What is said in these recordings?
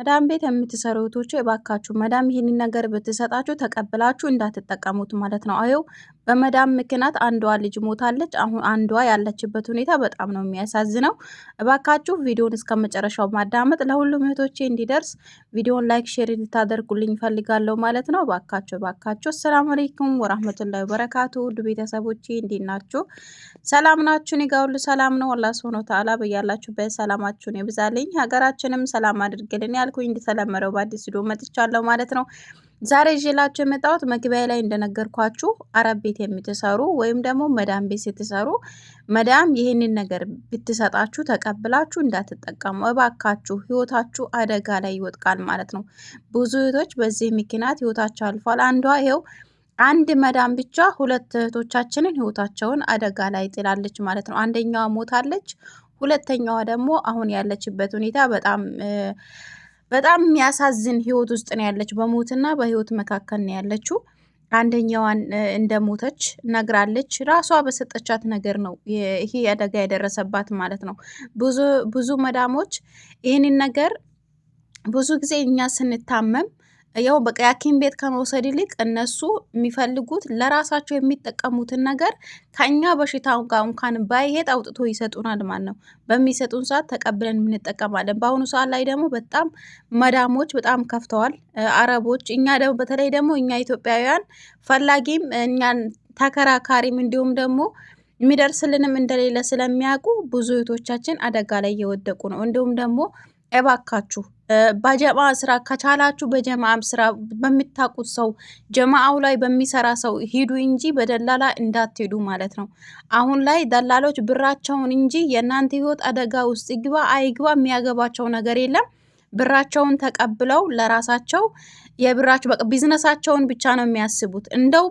መዳም ቤት የምትሰሩ እህቶቼ እባካችሁ መዳም ይህንን ነገር ብትሰጣችሁ ተቀብላችሁ እንዳትጠቀሙት ማለት ነው። አየው በመዳም ምክንያት አንዷ ልጅ ሞታለች። አሁን አንዷ ያለችበት ሁኔታ በጣም ነው የሚያሳዝነው። እባካችሁ ቪዲዮን እስከ መጨረሻው ማዳመጥ ለሁሉም እህቶቼ እንዲደርስ ቪዲዮን ላይክ፣ ሼር እንድታደርጉልኝ ፈልጋለሁ ማለት ነው። እባካችሁ እባካችሁ። አሰላሙ አለይኩም ወራህመቱላሂ ወበረካቱ ውድ ቤተሰቦቼ እንዴት ናችሁ? ሰላም ናችሁን? እኔ ጋ ሁሉ ሰላም ነው። አላህ ሱብሃነሁ ወተዓላ በያላችሁበት ሰላማችሁን ይብዛልኝ፣ ሀገራችንም ሰላም አድርግልን። እያልኩኝ እንደተለመደው በአዲስ ቪዲዮ መጥቻለሁ ማለት ነው። ዛሬ ይዤላችሁ የመጣሁት መግቢያ ላይ እንደነገርኳችሁ አረብ ቤት የምትሰሩ ወይም ደግሞ መዳም ቤት ስትሰሩ መዳም ይህንን ነገር ብትሰጣችሁ ተቀብላችሁ እንዳትጠቀሙ እባካችሁ፣ ህይወታችሁ አደጋ ላይ ይወጥቃል ማለት ነው። ብዙ እህቶች በዚህ ምክንያት ህይወታቸው አልፏል። አንዷ ይኸው አንድ መዳም ብቻ ሁለት እህቶቻችንን ህይወታቸውን አደጋ ላይ ጥላለች ማለት ነው። አንደኛዋ ሞታለች፣ ሁለተኛዋ ደግሞ አሁን ያለችበት ሁኔታ በጣም በጣም የሚያሳዝን ህይወት ውስጥ ነው ያለችው። በሞትና በህይወት መካከል ነው ያለችው። አንደኛዋን እንደሞተች ነግራለች። ራሷ በሰጠቻት ነገር ነው ይሄ አደጋ የደረሰባት ማለት ነው። ብዙ ብዙ መዳሞች ይህንን ነገር ብዙ ጊዜ እኛ ስንታመም ያው በቃ የሐኪም ቤት ከመውሰድ ይልቅ እነሱ የሚፈልጉት ለራሳቸው የሚጠቀሙትን ነገር ከኛ በሽታ ጋር እንኳን ባይሄድ አውጥቶ ይሰጡናል ማለት ነው። በሚሰጡን ሰዓት ተቀብለን እንጠቀማለን። በአሁኑ ሰዓት ላይ ደግሞ በጣም መዳሞች በጣም ከፍተዋል፣ አረቦች። እኛ ደግሞ በተለይ ደግሞ እኛ ኢትዮጵያውያን ፈላጊም እኛን ተከራካሪም እንዲሁም ደግሞ የሚደርስልንም እንደሌለ ስለሚያውቁ ብዙ እህቶቻችን አደጋ ላይ እየወደቁ ነው። እንዲሁም ደግሞ እባካችሁ በጀማ ስራ ከቻላችሁ በጀማም ስራ በሚታቁት ሰው ጀማአው ላይ በሚሰራ ሰው ሂዱ እንጂ በደላላ እንዳትሄዱ ማለት ነው። አሁን ላይ ደላሎች ብራቸውን እንጂ የእናንተ ህይወት አደጋ ውስጥ ይግባ አይግባ የሚያገባቸው ነገር የለም። ብራቸውን ተቀብለው ለራሳቸው የብራቸው በቃ ቢዝነሳቸውን ብቻ ነው የሚያስቡት። እንደው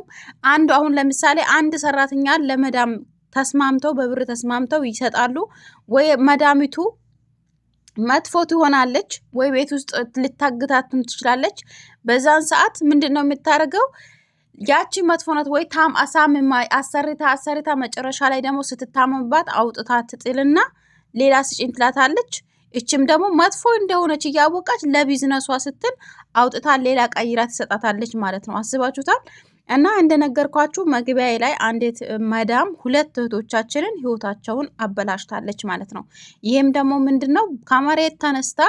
አንዱ አሁን ለምሳሌ አንድ ሰራተኛ ለመዳም ተስማምተው በብር ተስማምተው ይሰጣሉ ወይ መዳሚቱ መጥፎ ትሆናለች ወይ ቤት ውስጥ ልታግታትም ትችላለች። በዛን ሰዓት ምንድን ነው የምታደርገው? ያቺ መጥፎነት ወይ ታም አሳም አሰሪታ አሰሪታ መጨረሻ ላይ ደግሞ ስትታመምባት አውጥታ ትጥልና ሌላ ስጭኝ ትላታለች። እችም ደግሞ መጥፎ እንደሆነች እያወቃች ለቢዝነሷ ስትል አውጥታ ሌላ ቀይራ ትሰጣታለች ማለት ነው። አስባችሁታል? እና እንደነገርኳችሁ መግቢያ ላይ አንዲት መዳም ሁለት እህቶቻችንን ህይወታቸውን አበላሽታለች ማለት ነው። ይህም ደግሞ ምንድን ነው ከመሬት ተነስታ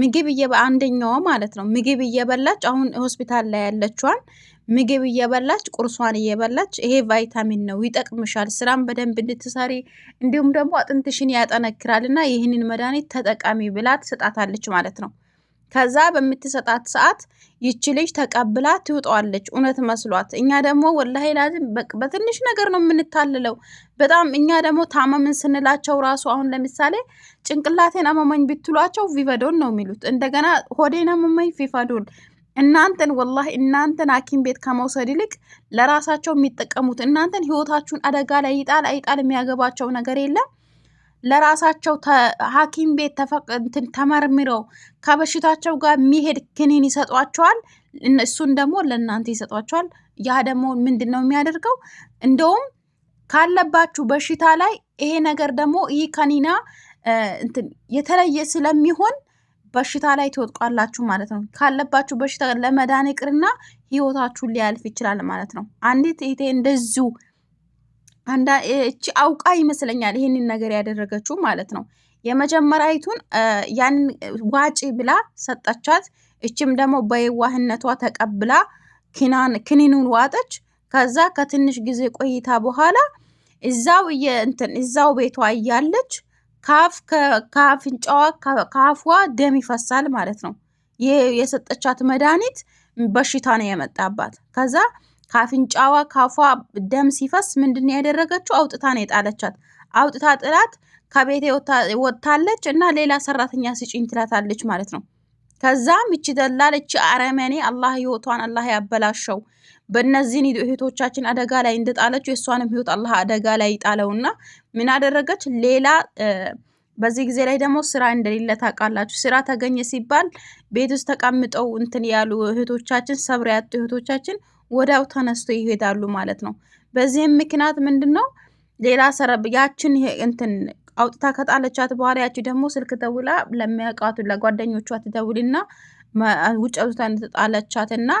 ምግብ አንደኛው ማለት ነው ምግብ እየበላች አሁን ሆስፒታል ላይ ያለችዋን ምግብ እየበላች ቁርሷን እየበላች ይሄ ቫይታሚን ነው ይጠቅምሻል፣ ስራም በደንብ እንድትሰሪ እንዲሁም ደግሞ አጥንትሽን ያጠነክራል እና ይህንን መድኃኒት ተጠቃሚ ብላ ትሰጣታለች ማለት ነው። ከዛ በምትሰጣት ሰዓት ይቺ ልጅ ተቀብላ ትውጠዋለች፣ እውነት መስሏት። እኛ ደግሞ ወላሂ ላዚም በትንሽ ነገር ነው የምንታልለው። በጣም እኛ ደግሞ ታመምን ስንላቸው ራሱ አሁን ለምሳሌ ጭንቅላቴን አመመኝ ብትሏቸው ቪቨዶን ነው የሚሉት። እንደገና ሆዴን አመመኝ ፊፋዶን እናንተን ወላሂ እናንተን ሐኪም ቤት ከመውሰድ ይልቅ ለራሳቸው የሚጠቀሙት እናንተን ህይወታችሁን አደጋ ላይ ይጣል አይጣል የሚያገባቸው ነገር የለም። ለራሳቸው ሐኪም ቤት ተፈቅንትን ተመርምረው ከበሽታቸው ጋር የሚሄድ ክኒን ይሰጧቸዋል። እሱን ደግሞ ለእናንተ ይሰጧቸዋል። ያ ደግሞ ምንድን ነው የሚያደርገው? እንደውም ካለባችሁ በሽታ ላይ ይሄ ነገር ደግሞ ይህ ከኒና የተለየ ስለሚሆን በሽታ ላይ ትወጥቋላችሁ ማለት ነው። ካለባችሁ በሽታ ለመዳን ይቅርና ህይወታችሁን ሊያልፍ ይችላል ማለት ነው። አንዲት ይሄ እንደዚሁ አንዳ እቺ አውቃ ይመስለኛል ይህንን ነገር ያደረገችው ማለት ነው። የመጀመሪያይቱን ያን ዋጪ ብላ ሰጠቻት። እችም ደግሞ በየዋህነቷ ተቀብላ ክኒኑን ዋጠች። ከዛ ከትንሽ ጊዜ ቆይታ በኋላ እዛው እንትን እዛው ቤቷ እያለች ካፍ ከአፍንጫዋ ከአፏ ደም ይፈሳል ማለት ነው። ይህ የሰጠቻት መድኃኒት በሽታ ነው የመጣባት ከዛ ካፍንጫዋ ካፏ ደም ሲፈስ ምንድን ያደረገችው አውጥታ ነው የጣለቻት። አውጥታ ጥላት ከቤቴ ወጥታለች እና ሌላ ሰራተኛ ስጪኝ ትላታለች ማለት ነው። ከዛም እቺ ደላል እቺ አረመኔ አላህ ህይወቷን አላህ ያበላሸው በእነዚህን እህቶቻችን አደጋ ላይ እንደጣለችው የእሷንም ህይወት አላህ አደጋ ላይ ይጣለውና ምን አደረገች ሌላ በዚህ ጊዜ ላይ ደግሞ ስራ እንደሌለ ታውቃላችሁ። ስራ ተገኘ ሲባል ቤት ውስጥ ተቀምጠው እንትን ያሉ እህቶቻችን ሰብር ያጡ እህቶቻችን ወዳው ተነስቶ ይሄዳሉ ማለት ነው። በዚህም ምክንያት ምንድን ነው ሌላ ሰረብ ያችን እንትን አውጥታ ከጣለቻት በኋላ ያቺ ደግሞ ስልክ ደውላ ለሚያውቃቱ ለጓደኞቿ ትደውልና ውጭ አውጥታ እንደተጣለቻትና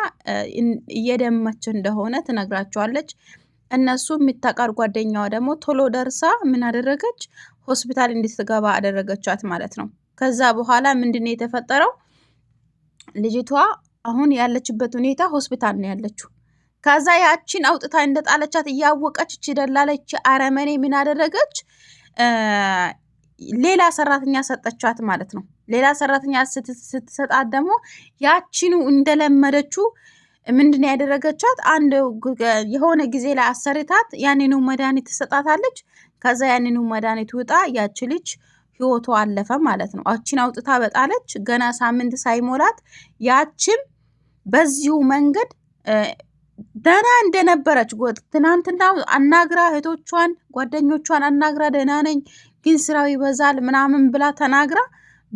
እየደመች እንደሆነ ትነግራቸዋለች። እነሱ የሚታቃር ጓደኛዋ ደግሞ ቶሎ ደርሳ ምን አደረገች? ሆስፒታል እንድትገባ አደረገቻት ማለት ነው። ከዛ በኋላ ምንድን ነው የተፈጠረው? ልጅቷ አሁን ያለችበት ሁኔታ ሆስፒታል ነው ያለችው። ከዛ ያቺን አውጥታ እንደጣለቻት እያወቀች ችደላለች አረመኔ ምን አደረገች? ሌላ ሰራተኛ ሰጠቻት ማለት ነው። ሌላ ሰራተኛ ስትሰጣት ደግሞ ያቺኑ እንደለመደችው ምንድን ያደረገቻት? አንድ የሆነ ጊዜ ላይ አሰርታት ያንኑ መድኃኒት ትሰጣታለች። ከዛ ያንኑ መድኃኒት ውጣ ያቺ ልጅ ህይወቱ አለፈ ማለት ነው። አቺን አውጥታ በጣለች። ገና ሳምንት ሳይሞላት ያችም በዚሁ መንገድ ደህና እንደነበረች ትናንትና አናግራ እህቶቿን ጓደኞቿን አናግራ ደህና ነኝ ግን ስራው ይበዛል ምናምን ብላ ተናግራ፣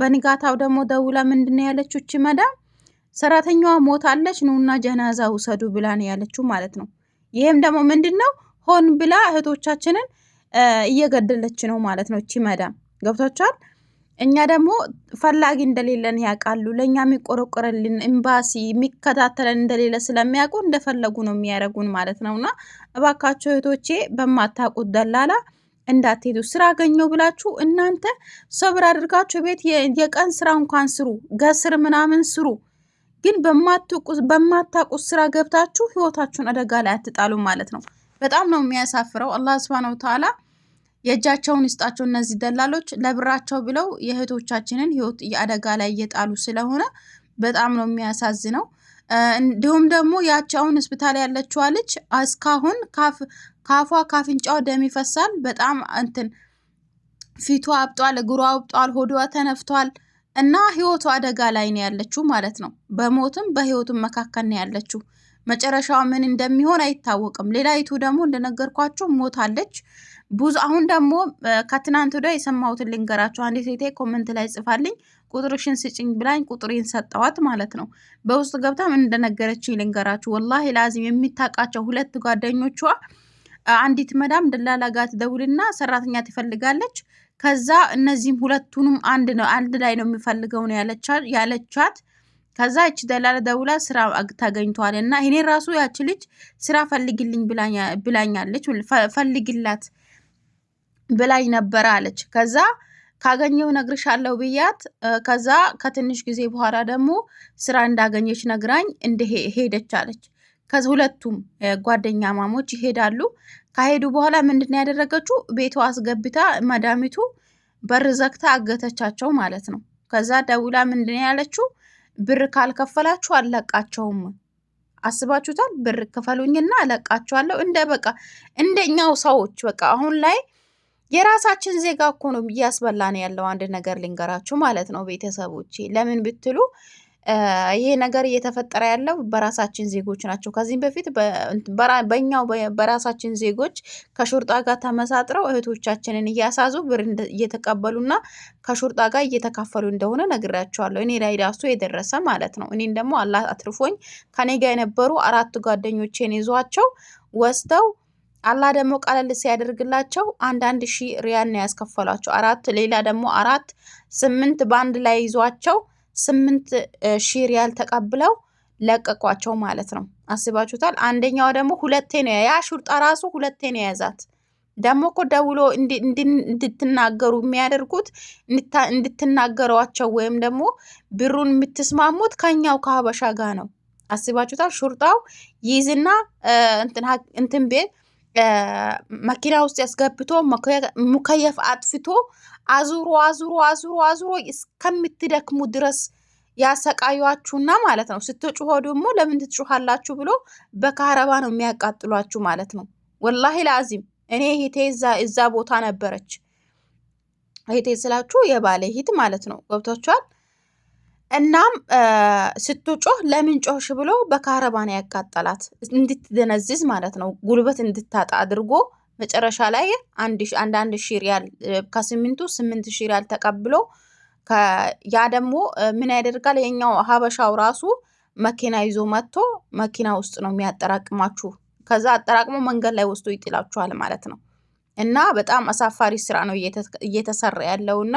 በንጋታው ደግሞ ደውላ ምንድን ነው ያለችው? እቺ መዳም ሰራተኛዋ ሞታለች ኑና ጀናዛ ውሰዱ ብላ ነው ያለችው ማለት ነው። ይህም ደግሞ ምንድን ነው ሆን ብላ እህቶቻችንን እየገደለች ነው ማለት ነው። እቺ መዳም ገብቷችኋል። እኛ ደግሞ ፈላጊ እንደሌለን ያውቃሉ። ለእኛ የሚቆረቆረልን ኤምባሲ የሚከታተለን እንደሌለ ስለሚያውቁ እንደፈለጉ ነው የሚያደርጉን ማለት ነው። እና እባካቸው እህቶቼ በማታውቁት ደላላ እንዳትሄዱ። ስራ አገኘው ብላችሁ እናንተ ሰብር አድርጋችሁ ቤት የቀን ስራ እንኳን ስሩ፣ ገስር ምናምን ስሩ። ግን በማታውቁት ስራ ገብታችሁ ህይወታችሁን አደጋ ላይ አትጣሉ ማለት ነው። በጣም ነው የሚያሳፍረው። አላህ ስብሃነሁ ተዓላ የእጃቸውን ይስጣቸው እነዚህ ደላሎች ለብራቸው ብለው የእህቶቻችንን ህይወት አደጋ ላይ እየጣሉ ስለሆነ በጣም ነው የሚያሳዝነው። እንዲሁም ደግሞ ያቸውን ሆስፒታል ያለችዋ ልጅ እስካሁን ካፏ ካፍንጫው ደም ይፈሳል። በጣም እንትን ፊቷ አብጧል፣ እግሯ አብጧል፣ ሆዷ ተነፍቷል እና ህይወቱ አደጋ ላይ ነው ያለችው ማለት ነው። በሞትም በህይወቱም መካከል ነው ያለችው። መጨረሻው ምን እንደሚሆን አይታወቅም። ሌላይቱ ደግሞ እንደነገርኳቸው ሞታለች። ብዙ አሁን ደግሞ ከትናንት ወዲያ የሰማሁትን ልንገራችሁ። አንዴ ሴቴ ኮመንት ላይ ጽፋልኝ ቁጥርሽን ስጭኝ ብላኝ ቁጥሬን ሰጠዋት ማለት ነው። በውስጥ ገብታም እንደነገረችኝ ልንገራችሁ። ወላሂ ላዚም የሚታቃቸው ሁለት ጓደኞቿ አንዲት መዳም ደላላ ጋር ትደውልና ሰራተኛ ትፈልጋለች። ከዛ እነዚህም ሁለቱንም አንድ ነው አንድ ላይ ነው የሚፈልገው ነው ያለቻት። ከዛ እች ደላላ ደውላ ስራ ተገኝተዋል እና እኔ ራሱ ያች ልጅ ስራ ፈልግልኝ ብላኛለች ፈልግላት ብላኝ ነበረ አለች። ከዛ ካገኘው ነግርሻለሁ ብያት፣ ከዛ ከትንሽ ጊዜ በኋላ ደግሞ ስራ እንዳገኘች ነግራኝ እንደ ሄደች አለች። ከሁለቱም ጓደኛ ማሞች ይሄዳሉ። ከሄዱ በኋላ ምንድን ያደረገችው? ቤቱ አስገብታ መዳሚቱ በር ዘግታ አገተቻቸው ማለት ነው። ከዛ ደውላ ምንድን ያለችው? ብር ካልከፈላችሁ አለቃቸውም። አስባችሁታል? ብር ክፈሉኝና እለቃችኋለሁ። እንደ በቃ እንደኛው ሰዎች በቃ አሁን ላይ የራሳችን ዜጋ እኮ ነው እያስበላን ያለው። አንድ ነገር ልንገራችሁ ማለት ነው ቤተሰቦች፣ ለምን ብትሉ ይሄ ነገር እየተፈጠረ ያለው በራሳችን ዜጎች ናቸው። ከዚህም በፊት በኛው በራሳችን ዜጎች ከሹርጣ ጋር ተመሳጥረው እህቶቻችንን እያሳዙ ብር እየተቀበሉና ከሹርጣ ጋር እየተካፈሉ እንደሆነ ነግራቸዋለሁ። እኔ ላይ ራሱ የደረሰ ማለት ነው። እኔን ደግሞ አላህ አትርፎኝ ከኔ ጋር የነበሩ አራት ጓደኞቼን ይዟቸው ወስደው አላህ ደግሞ ቀለል ሲያደርግላቸው አንዳንድ ሺ ሪያል ነው ያስከፈሏቸው። አራት ሌላ ደግሞ አራት ስምንት ባንድ ላይ ይዟቸው ስምንት ሺ ሪያል ተቀብለው ለቀቋቸው ማለት ነው። አስባችሁታል? አንደኛው ደግሞ ሁለቴ ነው ያ ሹርጣ ራሱ ሁለቴ ነው የያዛት። ደግሞ እኮ ደውሎ እንድትናገሩ የሚያደርጉት እንድትናገሯቸው ወይም ደግሞ ብሩን የምትስማሙት ከኛው ከሀበሻ ጋር ነው። አስባችሁታል? ሹርጣው ይይዝና እንትን ቤት መኪና ውስጥ ያስገብቶ ሙከየፍ አጥፍቶ አዙሮ አዙሮ አዙሮ አዙሮ እስከምትደክሙ ድረስ ያሰቃዩችሁና ማለት ነው። ስትጩሆ ደግሞ ለምን ትጩኋላችሁ ብሎ በካረባ ነው የሚያቃጥሏችሁ ማለት ነው። ወላሂ ላዚም እኔ ሂቴ እዛ ቦታ ነበረች። ሂቴ ስላችሁ የባለ ሂት ማለት ነው። ገብቷችኋል። እናም ስትጮህ ለምን ጮህሽ ብሎ በካረባን ያቃጠላት እንድትደነዝዝ ማለት ነው፣ ጉልበት እንድታጣ አድርጎ መጨረሻ ላይ አንዳንድ ሺሪያል ከስምንቱ ስምንት ሺሪያል ተቀብሎ ያ ደግሞ ምን ያደርጋል? የኛው ሀበሻው ራሱ መኪና ይዞ መጥቶ መኪና ውስጥ ነው የሚያጠራቅማችሁ። ከዛ አጠራቅሞ መንገድ ላይ ወስዶ ይጥላችኋል ማለት ነው። እና በጣም አሳፋሪ ስራ ነው እየተሰራ እና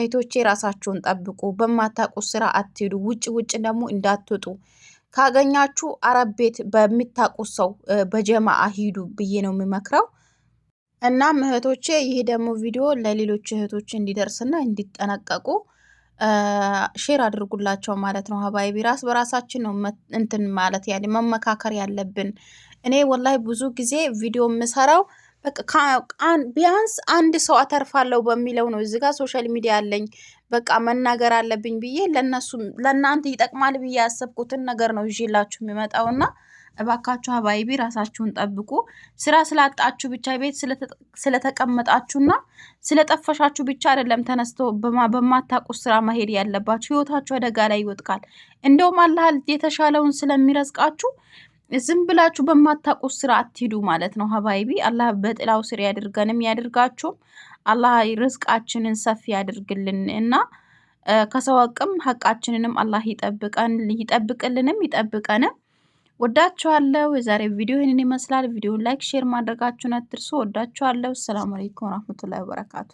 እህቶቼ ራሳችሁን ጠብቁ። በማታውቁት ስራ አትሄዱ። ውጭ ውጭ ደግሞ እንዳትወጡ ካገኛችሁ አረብ ቤት በሚታቁ ሰው በጀማአ ሂዱ ብዬ ነው የምመክረው። እናም እህቶቼ ይህ ደግሞ ቪዲዮ ለሌሎች እህቶች እንዲደርስና እንዲጠነቀቁ ሼር አድርጉላቸው ማለት ነው። ሀባይቢ ራስ በራሳችን ነው እንትን ማለት ያለ መመካከር ያለብን። እኔ ወላይ ብዙ ጊዜ ቪዲዮ የምሰራው በቃ ቢያንስ አንድ ሰው አተርፋለሁ በሚለው ነው እዚህ ጋር ሶሻል ሚዲያ አለኝ በቃ መናገር አለብኝ ብዬ ለነሱ ለእናንተ ይጠቅማል ብዬ ያሰብኩትን ነገር ነው ይዤላችሁ እና እባካችሁ አባይቢ ራሳችሁን ጠብቁ። ስራ ስላጣችሁ ብቻ ቤት ስለተቀመጣችሁና ስለጠፈሻችሁ ብቻ አይደለም ተነስተው በማታቁ ስራ መሄድ ያለባችሁ። ህይወታችሁ አደጋ ላይ ይወጥቃል። እንደውም አላህ የተሻለውን ስለሚረዝቃችሁ ዝም ብላችሁ በማታውቁት ስራ አትሂዱ ማለት ነው። ሀባይቢ አላህ በጥላው ስር ያድርገንም ያድርጋችሁም። አላህ ርዝቃችንን ሰፊ ያድርግልን እና ከሰው አቅም ሀቃችንንም አላህ ይጠብቀን ይጠብቅልንም ይጠብቀንም። ወዳችኋለሁ። የዛሬ ቪዲዮ ይህንን ይመስላል። ቪዲዮን ላይክ፣ ሼር ማድረጋችሁን አትርሱ። ወዳችኋለሁ። ሰላም አለይኩም ወራህመቱላሂ ወበረካቱ።